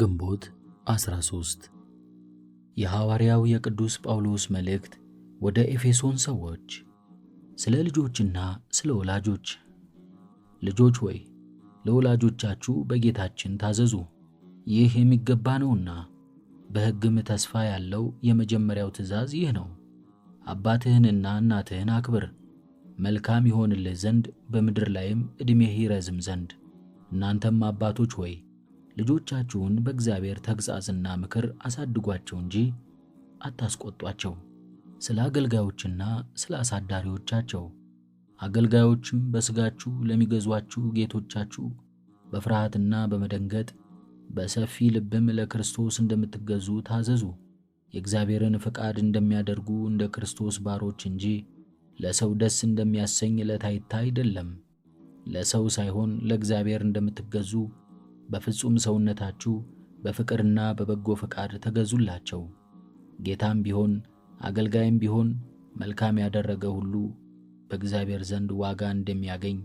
ግንቦት 13 የሐዋርያው የቅዱስ ጳውሎስ መልእክት ወደ ኤፌሶን ሰዎች ስለ ልጆችና ስለ ወላጆች። ልጆች ሆይ ለወላጆቻችሁ በጌታችን ታዘዙ፣ ይህ የሚገባ ነውና። በሕግም ተስፋ ያለው የመጀመሪያው ትእዛዝ ይህ ነው፣ አባትህንና እናትህን አክብር፣ መልካም ይሆንልህ ዘንድ በምድር ላይም ዕድሜህ ይረዝም ዘንድ። እናንተም አባቶች ሆይ ልጆቻችሁን በእግዚአብሔር ተግሣጽና ምክር አሳድጓቸው እንጂ አታስቆጧቸው። ስለ አገልጋዮችና ስለ አሳዳሪዎቻቸው አገልጋዮችም በሥጋችሁ ለሚገዟችሁ ጌቶቻችሁ በፍርሃትና በመደንገጥ በሰፊ ልብም ለክርስቶስ እንደምትገዙ ታዘዙ። የእግዚአብሔርን ፈቃድ እንደሚያደርጉ እንደ ክርስቶስ ባሮች እንጂ ለሰው ደስ እንደሚያሰኝ ለታይታ አይደለም። ለሰው ሳይሆን ለእግዚአብሔር እንደምትገዙ በፍጹም ሰውነታችሁ በፍቅርና በበጎ ፈቃድ ተገዙላቸው። ጌታም ቢሆን አገልጋይም ቢሆን መልካም ያደረገ ሁሉ በእግዚአብሔር ዘንድ ዋጋ እንደሚያገኝ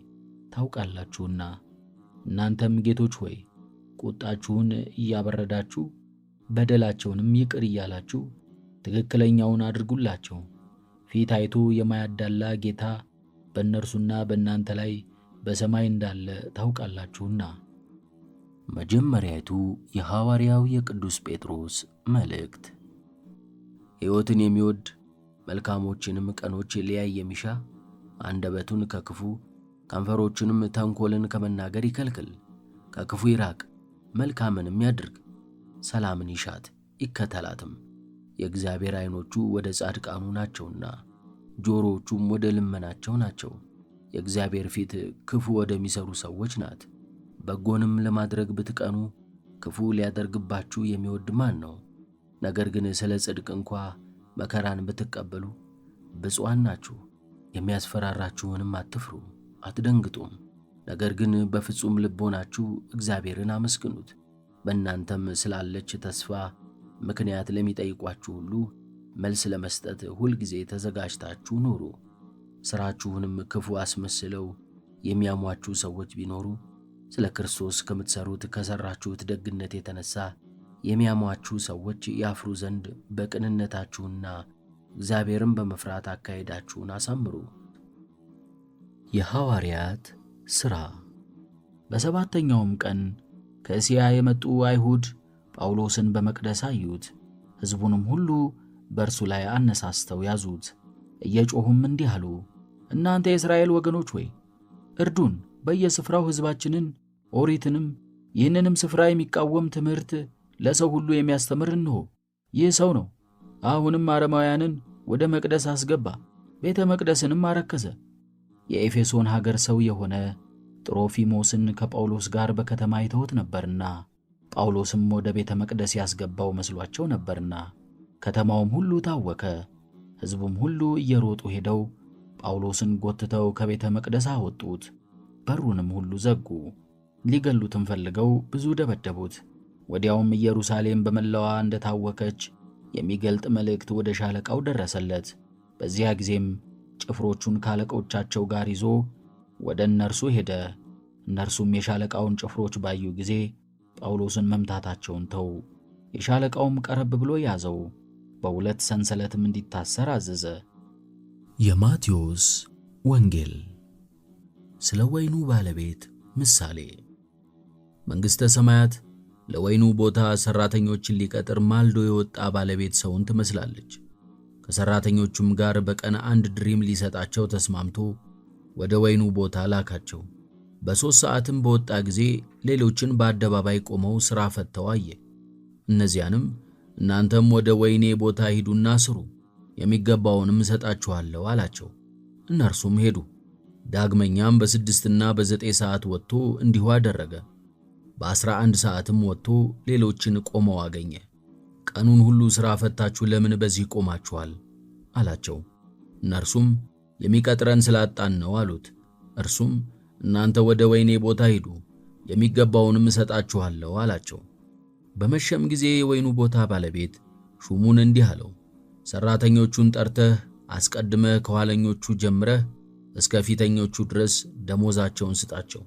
ታውቃላችሁና። እናንተም ጌቶች ሆይ ቁጣችሁን እያበረዳችሁ በደላቸውንም ይቅር እያላችሁ ትክክለኛውን አድርጉላቸው። ፊት አይቶ የማያዳላ ጌታ በእነርሱና በእናንተ ላይ በሰማይ እንዳለ ታውቃላችሁና። መጀመሪያቱ የሐዋርያው የቅዱስ ጴጥሮስ መልእክት። ሕይወትን የሚወድ መልካሞችንም ቀኖች ሊያይ የሚሻ አንደበቱን ከክፉ ከንፈሮቹንም ተንኮልን ከመናገር ይከልክል። ከክፉ ይራቅ፣ መልካምንም ያድርግ፣ ሰላምን ይሻት ይከተላትም። የእግዚአብሔር ዐይኖቹ ወደ ጻድቃኑ ናቸውና ጆሮዎቹም ወደ ልመናቸው ናቸው። የእግዚአብሔር ፊት ክፉ ወደሚሠሩ ሰዎች ናት። በጎንም ለማድረግ ብትቀኑ ክፉ ሊያደርግባችሁ የሚወድ ማን ነው? ነገር ግን ስለ ጽድቅ እንኳ መከራን ብትቀበሉ ብፁዓን ናችሁ። የሚያስፈራራችሁንም አትፍሩ፣ አትደንግጡም። ነገር ግን በፍጹም ልቦናችሁ እግዚአብሔርን አመስግኑት። በእናንተም ስላለች ተስፋ ምክንያት ለሚጠይቋችሁ ሁሉ መልስ ለመስጠት ሁልጊዜ ተዘጋጅታችሁ ኑሩ። ሥራችሁንም ክፉ አስመስለው የሚያሟችሁ ሰዎች ቢኖሩ ስለ ክርስቶስ ከምትሰሩት ከሰራችሁት ደግነት የተነሳ የሚያሟችሁ ሰዎች ያፍሩ ዘንድ በቅንነታችሁና እግዚአብሔርን በመፍራት አካሄዳችሁን አሳምሩ። የሐዋርያት ሥራ። በሰባተኛውም ቀን ከእስያ የመጡ አይሁድ ጳውሎስን በመቅደስ አዩት። ሕዝቡንም ሁሉ በእርሱ ላይ አነሳስተው ያዙት። እየጮኹም እንዲህ አሉ፣ እናንተ የእስራኤል ወገኖች ወይ እርዱን፣ በየስፍራው ሕዝባችንን ኦሪትንም ይህንንም ስፍራ የሚቃወም ትምህርት ለሰው ሁሉ የሚያስተምር እንሆ ይህ ሰው ነው። አሁንም አረማውያንን ወደ መቅደስ አስገባ፣ ቤተ መቅደስንም አረከሰ። የኤፌሶን ሀገር ሰው የሆነ ጥሮፊሞስን ከጳውሎስ ጋር በከተማ አይተውት ነበርና ጳውሎስም ወደ ቤተ መቅደስ ያስገባው መስሏቸው ነበርና ከተማውም ሁሉ ታወከ። ሕዝቡም ሁሉ እየሮጡ ሄደው ጳውሎስን ጎትተው ከቤተ መቅደስ አወጡት፣ በሩንም ሁሉ ዘጉ። ሊገሉትም ፈልገው ብዙ ደበደቡት። ወዲያውም ኢየሩሳሌም በመላዋ እንደታወከች የሚገልጥ መልእክት ወደ ሻለቃው ደረሰለት። በዚያ ጊዜም ጭፍሮቹን ካለቆቻቸው ጋር ይዞ ወደ እነርሱ ሄደ። እነርሱም የሻለቃውን ጭፍሮች ባዩ ጊዜ ጳውሎስን መምታታቸውን ተው። የሻለቃውም ቀረብ ብሎ ያዘው፣ በሁለት ሰንሰለትም እንዲታሰር አዘዘ። የማቴዎስ ወንጌል ስለ ወይኑ ባለቤት ምሳሌ መንግሥተ ሰማያት ለወይኑ ቦታ ሠራተኞችን ሊቀጥር ማልዶ የወጣ ባለቤት ሰውን ትመስላለች። ከሠራተኞቹም ጋር በቀን አንድ ድሪም ሊሰጣቸው ተስማምቶ ወደ ወይኑ ቦታ ላካቸው። በሦስት ሰዓትም በወጣ ጊዜ ሌሎችን በአደባባይ ቆመው ሥራ ፈትተው አየ። እነዚያንም እናንተም ወደ ወይኔ ቦታ ሂዱና ስሩ፣ የሚገባውንም እሰጣችኋለሁ አላቸው። እነርሱም ሄዱ። ዳግመኛም በስድስትና በዘጠኝ ሰዓት ወጥቶ እንዲሁ አደረገ። በ11 ሰዓትም ወጥቶ ሌሎችን ቆመው አገኘ። ቀኑን ሁሉ ሥራ ፈታችሁ ለምን በዚህ ቆማችኋል? አላቸው። እነርሱም የሚቀጥረን ስላጣን ነው አሉት። እርሱም እናንተ ወደ ወይኔ ቦታ ሂዱ፣ የሚገባውንም እሰጣችኋለሁ አላቸው። በመሸም ጊዜ የወይኑ ቦታ ባለቤት ሹሙን እንዲህ አለው፣ ሠራተኞቹን ጠርተህ አስቀድመህ ከኋለኞቹ ጀምረህ እስከ ፊተኞቹ ድረስ ደሞዛቸውን ስጣቸው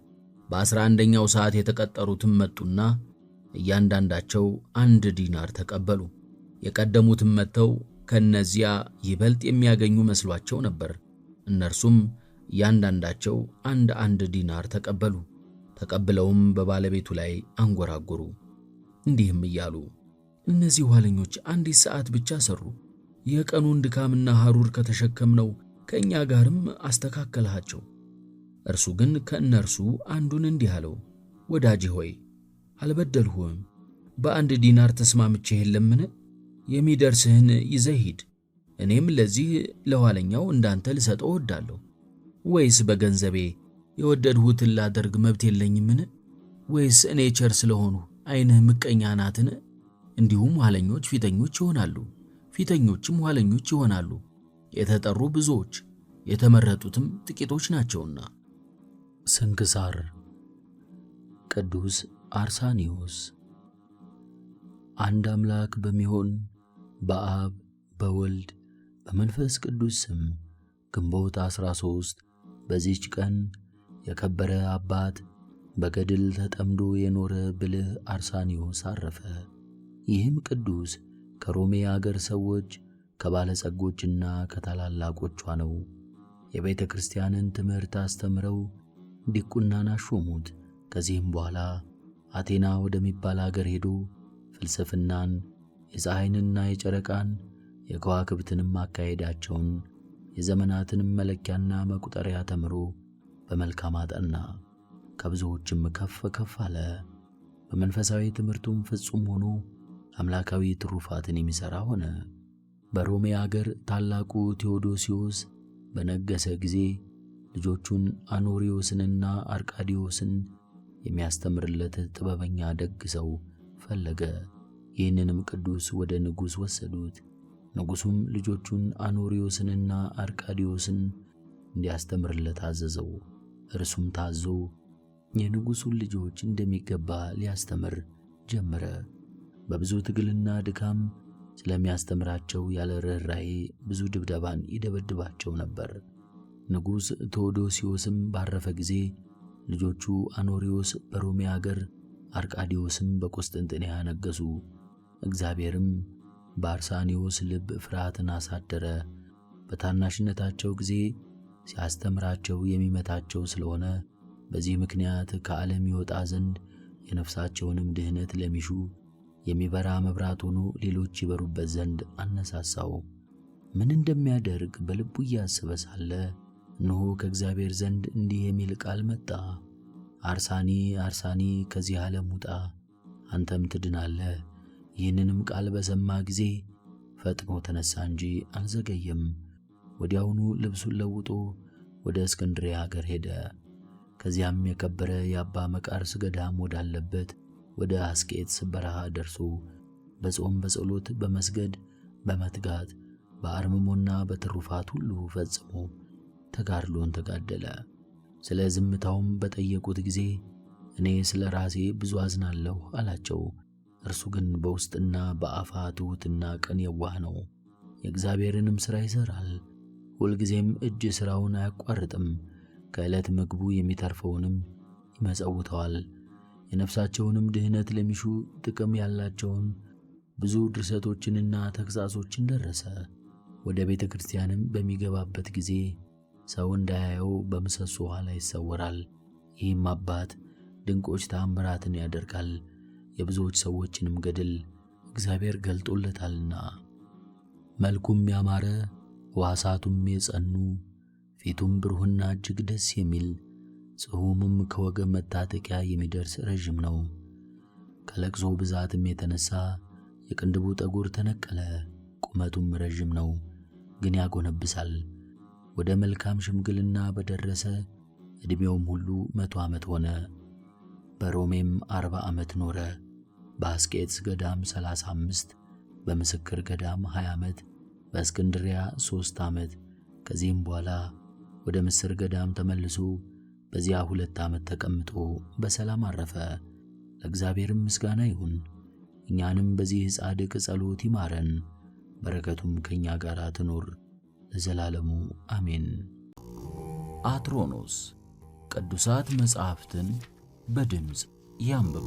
በአስራ አንደኛው ሰዓት የተቀጠሩትም መጡና እያንዳንዳቸው አንድ ዲናር ተቀበሉ። የቀደሙትም መጥተው ከእነዚያ ይበልጥ የሚያገኙ መስሏቸው ነበር። እነርሱም እያንዳንዳቸው አንድ አንድ ዲናር ተቀበሉ። ተቀብለውም በባለቤቱ ላይ አንጎራጎሩ እንዲህም እያሉ እነዚህ ኋለኞች አንዲት ሰዓት ብቻ ሰሩ የቀኑን ድካምና ሐሩር ከተሸከምነው ከእኛ ጋርም አስተካከልሃቸው እርሱ ግን ከእነርሱ አንዱን እንዲህ አለው፣ ወዳጅ ሆይ አልበደልሁም። በአንድ ዲናር ተስማምቼ የለምን? የሚደርስህን ይዘህ ሂድ፣ እኔም ለዚህ ለኋለኛው እንዳንተ ልሰጠው እወዳለሁ። ወይስ በገንዘቤ የወደድሁትን ላደርግ መብት የለኝምን? ወይስ እኔ ቸር ስለሆኑ ዓይንህ ምቀኛ ናትን? እንዲሁም ኋለኞች ፊተኞች ይሆናሉ፣ ፊተኞችም ኋለኞች ይሆናሉ። የተጠሩ ብዙዎች የተመረጡትም ጥቂቶች ናቸውና። ስንክሳር ቅዱስ አርሳኒዮስ። አንድ አምላክ በሚሆን በአብ በወልድ በመንፈስ ቅዱስ ስም ግንቦት 13 በዚች ቀን የከበረ አባት በገድል ተጠምዶ የኖረ ብልህ አርሳኒዮስ አረፈ። ይህም ቅዱስ ከሮሜ አገር ሰዎች ከባለጸጎችና ከታላላቆቿ ነው። የቤተ ክርስቲያንን ትምህርት አስተምረው ዲቁናን አሾሙት። ከዚህም በኋላ አቴና ወደሚባል አገር ሄዶ ፍልስፍናን፣ የፀሐይንና የጨረቃን የከዋክብትንም አካሄዳቸውን የዘመናትንም መለኪያና መቁጠሪያ ተምሮ በመልካም አጠና፣ ከብዙዎችም ከፍ ከፍ አለ። በመንፈሳዊ ትምህርቱም ፍጹም ሆኖ አምላካዊ ትሩፋትን የሚሠራ ሆነ። በሮሜ አገር ታላቁ ቴዎዶሲዮስ በነገሰ ጊዜ ልጆቹን አኖሪዎስንና አርቃዲዎስን የሚያስተምርለት ጥበበኛ ደግ ሰው ፈለገ። ይህንንም ቅዱስ ወደ ንጉሥ ወሰዱት። ንጉሡም ልጆቹን አኖሪዎስንና አርቃዲዎስን እንዲያስተምርለት አዘዘው። እርሱም ታዞ የንጉሡን ልጆች እንደሚገባ ሊያስተምር ጀመረ። በብዙ ትግልና ድካም ስለሚያስተምራቸው ያለ ርኅራኄ ብዙ ድብደባን ይደበድባቸው ነበር። ንጉሥ ቴዎዶሲዮስም ባረፈ ጊዜ ልጆቹ አኖሪዮስ በሮሜ አገር፣ አርቃዲዎስም በቁስጥንጥንያ ነገሡ። እግዚአብሔርም በአርሳኒዮስ ልብ ፍርሃትን አሳደረ። በታናሽነታቸው ጊዜ ሲያስተምራቸው የሚመታቸው ስለሆነ በዚህ ምክንያት ከዓለም ይወጣ ዘንድ የነፍሳቸውንም ድኅነት ለሚሹ የሚበራ መብራት ሆኖ ሌሎች ይበሩበት ዘንድ አነሳሳው። ምን እንደሚያደርግ በልቡ እያሰበ ሳለ ንሁ ከእግዚአብሔር ዘንድ እንዲህ የሚል ቃል መጣ፣ አርሳኒ አርሳኒ፣ ከዚህ ዓለም ውጣ፣ አንተም ትድናለ! ይህንንም ቃል በሰማ ጊዜ ፈጥኖ ተነሳ እንጂ አልዘገየም። ወዲያውኑ ልብሱን ለውጦ ወደ እስክንድርያ አገር ሄደ። ከዚያም የከበረ የአባ መቃርስ ገዳም ወዳለበት ወደ አስቄጥስ በረሃ ደርሶ በጾም በጸሎት በመስገድ በመትጋት በአርምሞና በትሩፋት ሁሉ ፈጽሞ ተጋድሎን ተጋደለ። ስለ ዝምታውም በጠየቁት ጊዜ እኔ ስለ ራሴ ብዙ አዝናለሁ አላቸው። እርሱ ግን በውስጥና በአፋ ትሑትና ቅን የዋህ ነው፣ የእግዚአብሔርንም ሥራ ይሠራል። ሁልጊዜም እጅ ሥራውን አያቋርጥም። ከዕለት ምግቡ የሚተርፈውንም ይመጸውተዋል። የነፍሳቸውንም ድህነት ለሚሹ ጥቅም ያላቸውን ብዙ ድርሰቶችንና ተግሣጾችን ደረሰ። ወደ ቤተ ክርስቲያንም በሚገባበት ጊዜ ሰው እንዳያየው በምሰሶ ኋላ ይሰወራል። ይህም አባት ድንቆች ተአምራትን ያደርጋል፣ የብዙዎች ሰዎችንም ገድል እግዚአብሔር ገልጦለታልና። መልኩም ያማረ ሕዋሳቱም የጸኑ ፊቱም ብሩህና እጅግ ደስ የሚል ጽሑሙም ከወገብ መታጠቂያ የሚደርስ ረዥም ነው። ከለቅሶ ብዛትም የተነሳ የቅንድቡ ጠጉር ተነቀለ። ቁመቱም ረዥም ነው፣ ግን ያጎነብሳል። ወደ መልካም ሽምግልና በደረሰ ዕድሜውም ሁሉ መቶ ዓመት ሆነ። በሮሜም አርባ ዓመት ኖረ። በአስቄጥስ ገዳም ሠላሳ አምስት በምስክር ገዳም ሀያ ዓመት በእስክንድሪያ ሦስት ዓመት ከዚህም በኋላ ወደ ምስር ገዳም ተመልሶ በዚያ ሁለት ዓመት ተቀምጦ በሰላም አረፈ። ለእግዚአብሔርም ምስጋና ይሁን። እኛንም በዚህ ጻድቅ ጸሎት ይማረን፣ በረከቱም ከእኛ ጋር ትኑር ለዘላለሙ አሜን። አትሮኖስ ቅዱሳት መጻሕፍትን በድምፅ ያንብቡ።